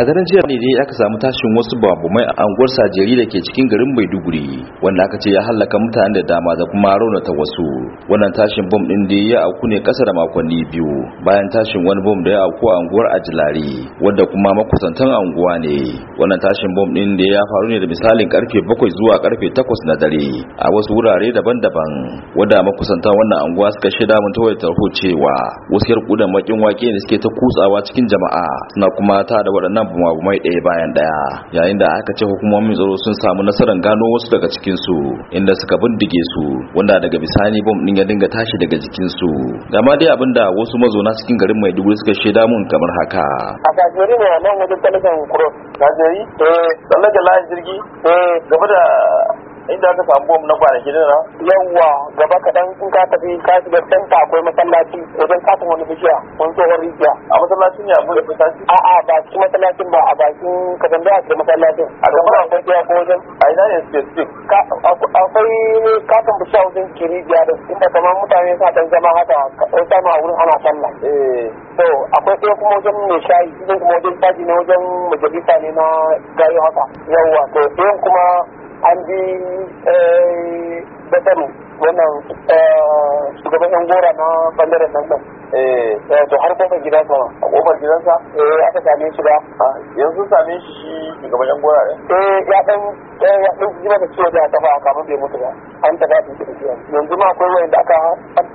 a daren jiya ne dai aka samu tashin wasu babumai a anguwar sajeri da ke cikin garin maiduguri wanda aka ce ya hallaka mutane da dama da kuma raunata wasu wannan tashin bom din da ya auku ne kasa da makonni biyu bayan tashin wani bom da ya auku a anguwar ajilari wanda kuma makusantan anguwa ne wannan tashin bom din da ya faru ne da misalin karfe bakwai zuwa karfe takwas na dare a wasu wurare daban-daban wanda makusantan wannan anguwa suka shaida mun ta tarho cewa wasu yarkudan makin wake ne suke ta kutsawa cikin jama'a suna kuma ta da waɗannan mai ɗaya bayan ɗaya yayin da aka ce hukumomin tsaro sun samu nasarar gano wasu daga cikin su inda suka bindige su wanda daga bisani bom din ya dinga tashi daga jikin su gama dai abinda wasu mazauna cikin garin mai dubu suka shaida mun kamar haka a gajeri ne wajen talakan gajeri eh layin jirgi eh, inda aka samu bom na kwanaki na yawwa gaba kaɗan in ka tafi ka shiga canta akwai masallaci wajen katin wani bishiya wani tsohon rijiya a masallacin ya bude masallaci a a ba shi masallacin ba a bakin ka tambaya a masallacin a gaba akwai tsaya ko wajen a ina ne specific akwai ne katin bishiya wajen kirijiya da inda kamar mutane sa dan zama haka an samu a wurin ana sallah eh to akwai ɗaya kuma wajen mai shayi ɗaya kuma wajen taji ne wajen majalisa ne na gayo haka yawwa to ɗayan kuma an bi eh, bataru wannan eh, shugaban yan gora na bangaren nan nan eh, to har kofar gidansa a kofar gidansa aka same shi ba ah, yanzu same shi shi shugaban yan gora eh ya dan ya dan ji da ciwo da ta fa kamar bai mutu ba an ta daɗin shi yanzu ma akwai wanda aka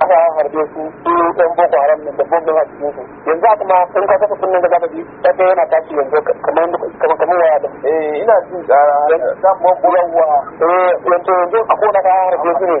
aka harbe su su ɗan boko haram ne da bombin a cikin su yanzu haka ma in ka da zaka ji ta yana tashi yanzu kamar kamar kamar waya da eh ina jin tsara ah, kuma bulan wa eh yanzu yanzu ka harbe su ne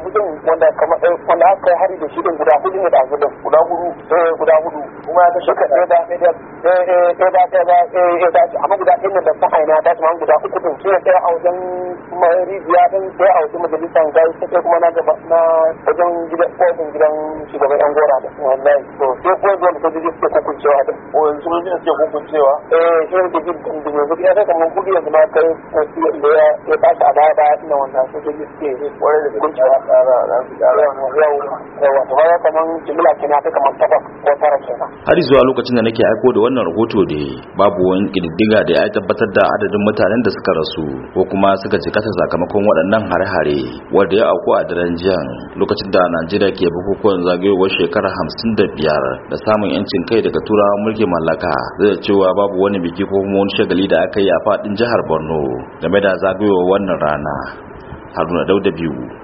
guda hudu wanda kamar eh, wanda aka yi hari da shi din guda hudu ne ɗazu hudu guda hudu eh, guda hudu kuma ya kashe ka ɗaya da ɗaya eh, ɗaya da ɗaya da ɗaya da amma guda ɗaya da ta aina ta kuma guda uku din shi ne ɗaya a wajen rijiya din ɗaya a wajen majalisar gari ta kai kuma na gaba na wajen gidan kofin gidan shugaban yan gora da wallahi to sai kuma zuwa da sojoji suke hukuncewa din sojoji suke hukuncewa eh shi ne da gidan da yanzu ya kai kamar gudu yanzu ma kai da ya tashi a baya baya suna wannan sojoji suke ko hukuncewa har zuwa lokacin da nake aiko da wannan rahoto da babu wani kididdiga da ya tabbatar da adadin mutanen da suka rasu ko kuma suka ji kasa sakamakon waɗannan hare-hare wanda ya auku a daren jiya lokacin da najeriya ke bukukuwan zagayowar shekarar hamsin da biyar da samun yancin kai daga turawa mulkin mallaka zai cewa babu wani biki ko kuma wani shagali da aka yi a faɗin jihar borno game da zagayowar wannan rana haruna dauda biyu